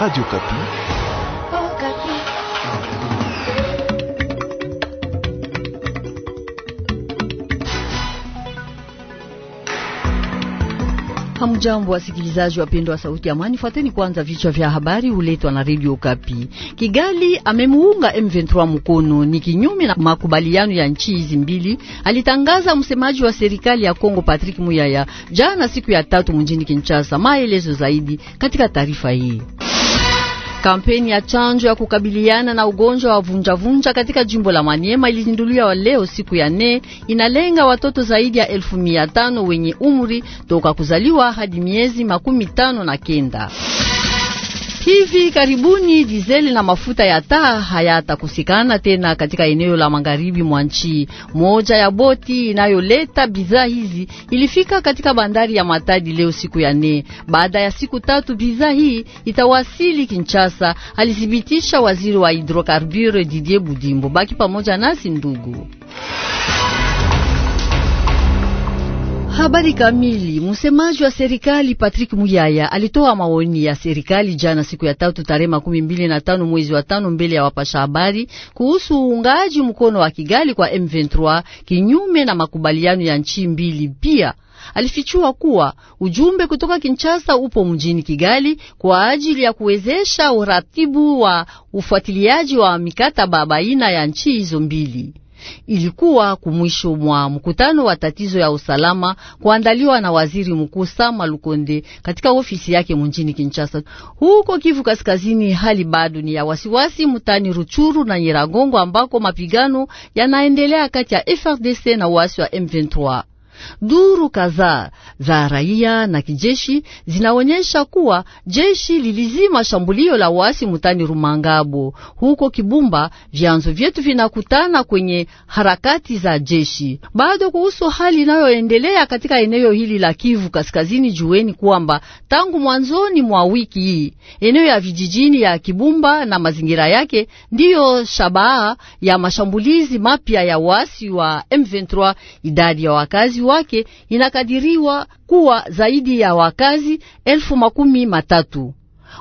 Radio Kapi. Oh, Kapi. Hamjambo wasikilizaji wapendwa wa Sauti ya Amani, fuateni kwanza vichwa vya habari huletwa na Radio Kapi. Kigali amemuunga M23 mkono, ni kinyume na makubaliano ya nchi hizi mbili, alitangaza msemaji wa serikali ya Kongo Patrick Muyaya jana siku ya tatu mjini Kinshasa. Maelezo zaidi katika taarifa hii. Kampeni ya chanjo ya kukabiliana na ugonjwa wa vunjavunja katika jimbo la Maniema ilizinduliwa leo siku ya nne. Inalenga watoto zaidi ya elfu mia tano wenye umri toka kuzaliwa hadi miezi makumi tano na kenda. Hivi karibuni dizeli na mafuta ya taa hayatakosekana tena katika eneo la magharibi mwa nchi. Moja ya boti inayoleta bidhaa hizi ilifika katika bandari ya Matadi leo siku ya nne. Baada ya siku tatu, bidhaa hii itawasili Kinshasa, alithibitisha waziri wa hidrokarbure Didier Budimbo. Baki pamoja nasi ndugu Habari kamili. Msemaji wa serikali Patrick Muyaya alitoa maoni ya serikali jana siku ya tatu tarehe makumi mbili na tano mwezi wa tano mbele ya wapasha habari kuhusu uungaji mkono wa Kigali kwa M23 kinyume na makubaliano ya nchi mbili. Pia alifichua kuwa ujumbe kutoka Kinshasa upo mjini Kigali kwa ajili ya kuwezesha uratibu wa ufuatiliaji wa mikataba baina ya nchi hizo mbili. Ilikuwa kumwisho mwa mkutano wa tatizo ya usalama kuandaliwa na waziri mkuu Sama Lukonde katika ofisi yake mjini Kinshasa. Huko Kivu Kaskazini, hali bado ni ya wasiwasi mtani Ruchuru na Nyiragongo ambako mapigano yanaendelea kati ya FRDC na waasi wa M23. Duru kadhaa za raia na kijeshi zinaonyesha kuwa jeshi lilizima shambulio la wasi mutani Rumangabo huko Kibumba. Vyanzo vyetu vinakutana kwenye harakati za jeshi. Bado kuhusu hali inayoendelea katika eneo hili la Kivu Kaskazini, jueni kwamba tangu mwanzoni mwa wiki hii eneo ya vijijini ya Kibumba na mazingira yake ndiyo shabaha ya mashambulizi mapya ya wasi wa M23. Idadi ya wakazi wakazi wake inakadiriwa kuwa zaidi ya wakazi elfu makumi matatu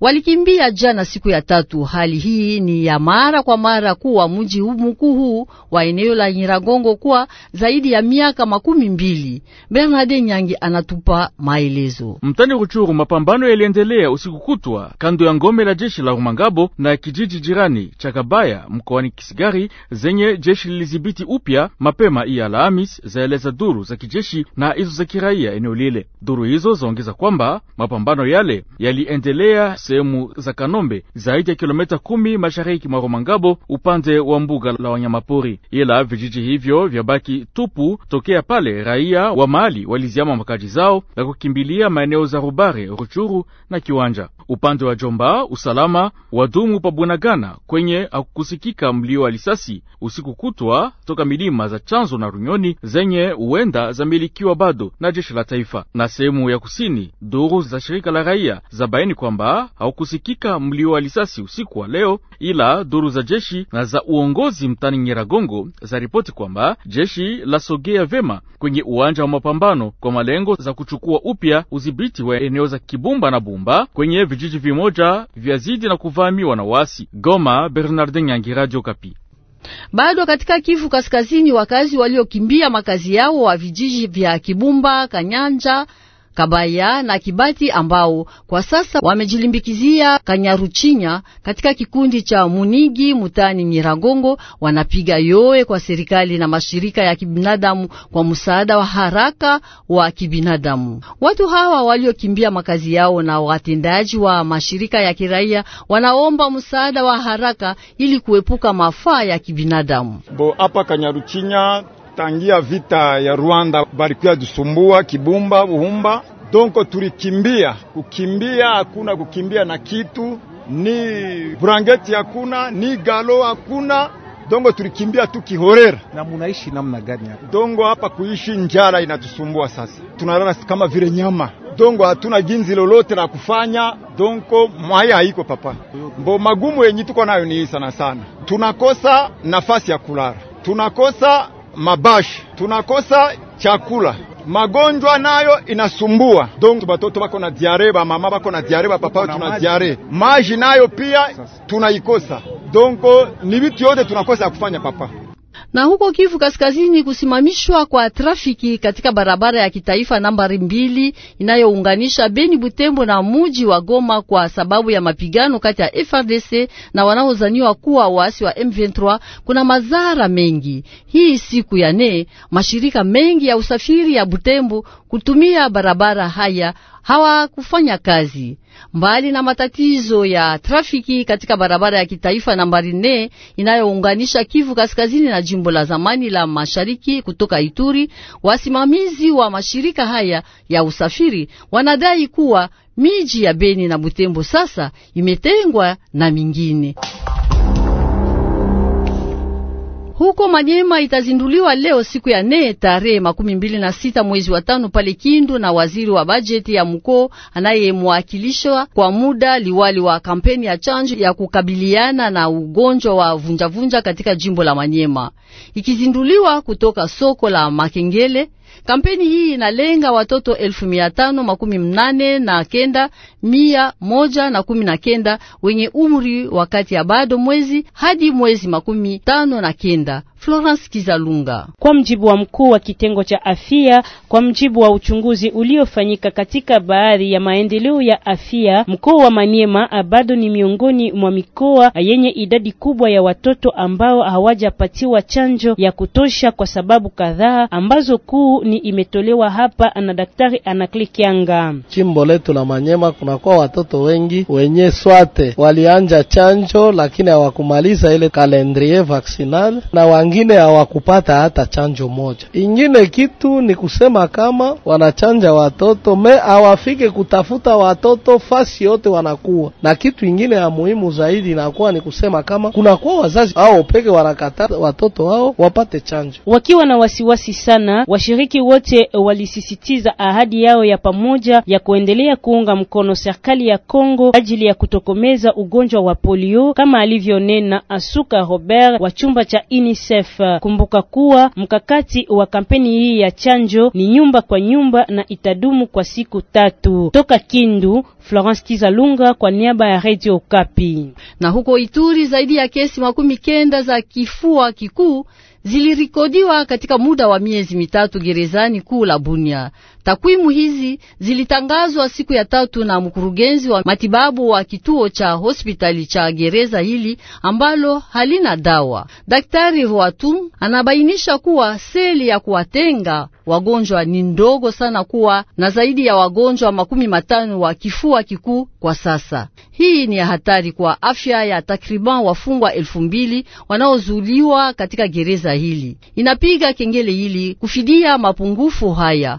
walikimbia jana siku ya tatu. Hali hii ni ya mara kwa mara kuwa mji mkuu huu wa eneo la Nyiragongo kwa zaidi ya miaka makumi mbili. Bernard Nyangi anatupa maelezo. Mtani Ruchuru, mapambano yaliendelea usiku kutwa kando ya ngome la jeshi la Rumangabo na kijiji jirani cha Kabaya mkoani Kisigari zenye jeshi lilizibiti upya mapema iya Alhamis, zaeleza duru za kijeshi na hizo za kiraia eneo lile. Duru hizo zaongeza kwamba mapambano yale yaliendelea sehemu za Kanombe zaidi ya kilomita kumi mashariki mwa Romangabo upande wa mbuga la wanyamapori, ila vijiji hivyo vyabaki tupu tokea pale raia wa mahali waliziama makaji zao na kukimbilia maeneo za Rubare, Ruchuru na Kiwanja. Upande wa Jomba usalama wadumu pabunagana kwenye akukusikika mlio wa lisasi usiku kutwa toka milima za Chanzo na Runyoni zenye huenda zamilikiwa bado na jeshi la taifa. Na sehemu ya kusini, duru za shirika la raia zabaini kwamba haukusikika mlio wa lisasi usiku wa leo, ila duru za jeshi na za uongozi mtani Nyiragongo za ripoti kwamba jeshi lasogea vema kwenye uwanja wa mapambano kwa malengo za kuchukua upya udhibiti wa eneo za Kibumba na Bumba kwenye vijiji vimoja vyazidi na kuvamiwa na wasi. Goma, Bernard Nyangi, Radio Kapi. Bado katika Kivu Kaskazini, wakazi waliokimbia makazi yao wa vijiji vya Kibumba, Kanyanja Kabaya na Kibati ambao kwa sasa wamejilimbikizia Kanyaruchinya katika kikundi cha Munigi mutani Nyiragongo, wanapiga yowe kwa serikali na mashirika ya kibinadamu kwa msaada wa haraka wa kibinadamu. Watu hawa waliokimbia makazi yao na watendaji wa mashirika ya kiraia wanaomba msaada wa haraka ili kuepuka mafaa ya kibinadamu. Bo, apa Kanyaruchinya tangia vita ya Rwanda balikuya dusumbua Kibumba, Buhumba, donko tulikimbia. Kukimbia hakuna kukimbia na kitu, ni brangeti hakuna, ni galo hakuna dongo tulikimbia tu kihorera. Na munaishi namna gani hapa? Dongo hapa kuishi njara inatusumbua sasa, tunalala kama vile nyama. Dongo hatuna ginzi lolote la kufanya, donko mwaya haiko papa. Mbo magumu yenye tuko nayo ni sana sana, tunakosa nafasi ya kulala, tunakosa mabashi, tunakosa chakula, magonjwa nayo inasumbua. Donc batoto bako na diare, ba mama bako na diare, ba papa tuna diare, maji nayo pia tunaikosa. Donc oh, ni vitu yote tunakosa ya kufanya papa na huko Kivu Kaskazini, kusimamishwa kwa trafiki katika barabara ya kitaifa nambari mbili inayounganisha Beni Butembo na muji wa Goma kwa sababu ya mapigano kati ya FRDC na wanaozaniwa kuwa waasi wa M23 kuna madhara mengi. Hii siku ya nne, mashirika mengi ya usafiri ya Butembo kutumia barabara haya hawakufanya kazi. Mbali na matatizo ya trafiki katika barabara ya kitaifa nambari nne inayounganisha Kivu Kaskazini na jimbo la zamani la Mashariki kutoka Ituri, wasimamizi wa mashirika haya ya usafiri wanadai kuwa miji ya Beni na Butembo sasa imetengwa na mingine huko Manyema itazinduliwa leo siku ya nne tarehe makumi mbili na sita mwezi wa tano pale Kindu na waziri wa bajeti ya mkoo anayemwakilishwa kwa muda liwali wa kampeni ya chanjo ya kukabiliana na ugonjwa wa vunjavunja katika jimbo la Manyema, ikizinduliwa kutoka soko la Makengele. Kampeni hii inalenga watoto elfu mia tano makumi mnane na kenda mia moja na kumi na kenda wenye umri wakati ya bado mwezi hadi mwezi makumi tano na kenda. Florence Kizalunga. Kwa mjibu wa mkuu wa kitengo cha afya, kwa mjibu wa uchunguzi uliofanyika katika baadhi ya maendeleo ya afya, mkoa wa Maniema bado ni miongoni mwa mikoa yenye idadi kubwa ya watoto ambao hawajapatiwa chanjo ya kutosha kwa sababu kadhaa ambazo kuu ni imetolewa hapa na Daktari Anakli Kianga. Jimbo letu la Manyema kunakuwa watoto wengi wenye swate walianja chanjo lakini hawakumaliza ile calendrier vaccinal na wangi wengine hawakupata hata chanjo moja. Ingine kitu ni kusema kama wanachanja watoto me hawafike kutafuta watoto fasi yote wanakuwa na kitu ingine ya muhimu zaidi inakuwa ni kusema kama kunakuwa wazazi au peke wanakata watoto hao wapate chanjo. Wakiwa na wasiwasi sana, washiriki wote walisisitiza ahadi yao ya pamoja ya kuendelea kuunga mkono serikali ya Kongo ajili ya kutokomeza ugonjwa wa polio kama alivyonena Asuka Robert wa chumba cha UNICEF. UNICEF. Uh, kumbuka kuwa mkakati wa kampeni hii ya chanjo ni nyumba kwa nyumba na itadumu kwa siku tatu. Toka Kindu, Florence Kizalunga kwa niaba ya Radio Okapi. Na huko Ituri zaidi ya kesi makumi kenda za kifua kikuu zilirikodiwa katika muda wa miezi mitatu gerezani kuu la Bunia. Takwimu hizi zilitangazwa siku ya tatu na mkurugenzi wa matibabu wa kituo cha hospitali cha gereza hili ambalo halina dawa. Daktari Ruatum anabainisha kuwa seli ya kuwatenga wagonjwa ni ndogo sana, kuwa na zaidi ya wagonjwa makumi matano wa kifua kikuu kwa sasa. Hii ni ya hatari kwa afya ya takriban wafungwa elfu mbili wanaozuliwa katika gereza hili. Inapiga kengele hili kufidia mapungufu haya.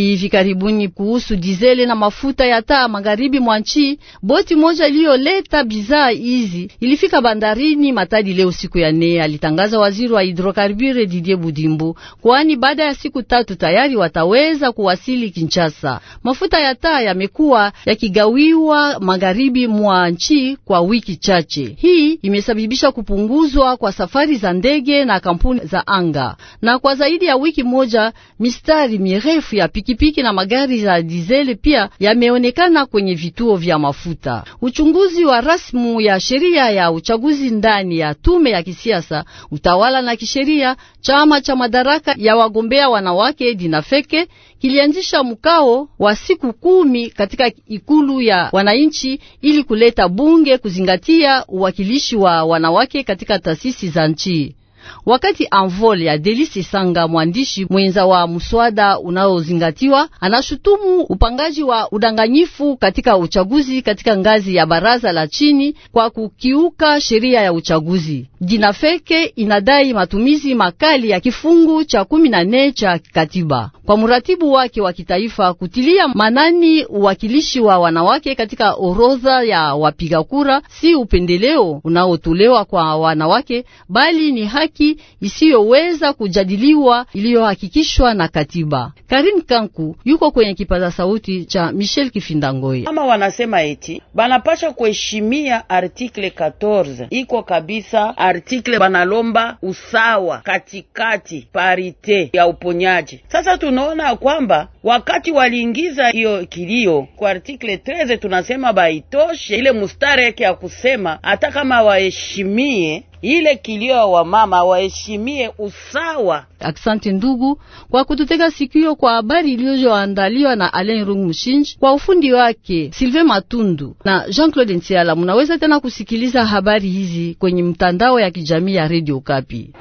hivi karibuni kuhusu dizeli na mafuta ya taa magharibi mwa nchi. Boti moja iliyoleta bidhaa hizi ilifika bandarini Matadi leo siku ya nne, alitangaza waziri wa hidrokarbure Didier Budimbu, kwani baada ya siku tatu tayari wataweza kuwasili Kinshasa. Mafuta ya taa yamekuwa yakigawiwa magharibi mwa nchi kwa wiki chache. Hii imesababisha kupunguzwa kwa safari za ndege na kampuni za anga, na kwa zaidi ya wiki moja mistari mirefu ya piki pikipiki na magari za dizeli pia yameonekana kwenye vituo vya mafuta. Uchunguzi wa rasmu ya sheria ya uchaguzi ndani ya tume ya kisiasa, utawala na kisheria, chama cha madaraka ya wagombea wanawake Dinafeke kilianzisha mkao wa siku kumi katika ikulu ya wananchi ili kuleta bunge kuzingatia uwakilishi wa wanawake katika taasisi za nchi. Wakati anvol ya Delisi Sanga, mwandishi mwenza wa mswada unaozingatiwa, anashutumu upangaji wa udanganyifu katika uchaguzi katika ngazi ya baraza la chini kwa kukiuka sheria ya uchaguzi. Jinafeke inadai matumizi makali ya kifungu cha kumi na nne cha katiba kwa mratibu wake wa kitaifa kutilia manani uwakilishi wa wanawake katika orodha ya wapiga kura. Si upendeleo unaotolewa kwa wanawake, bali ni haki haki isiyoweza kujadiliwa iliyohakikishwa na katiba. Karim Kanku yuko kwenye kipaza sauti cha Michel Kifindangoi. Kama wanasema eti banapasha kuheshimia artikle 14 iko kabisa, artikle banalomba usawa katikati, parite ya uponyaji. Sasa tunaona kwamba wakati waliingiza hiyo kilio kwa artikle 13, tunasema baitoshe ile mustareke ya kusema hata kama waheshimie ile kilio ya wamama waheshimie usawa. Aksanti ndugu kwa kututega sikio kwa habari iliyoandaliwa na Alain Rung Mshinji kwa ufundi wake Sylvain Matundu na Jean-Claude Ntiala. Munaweza tena kusikiliza habari hizi kwenye mtandao ya kijamii ya Radio Kapi.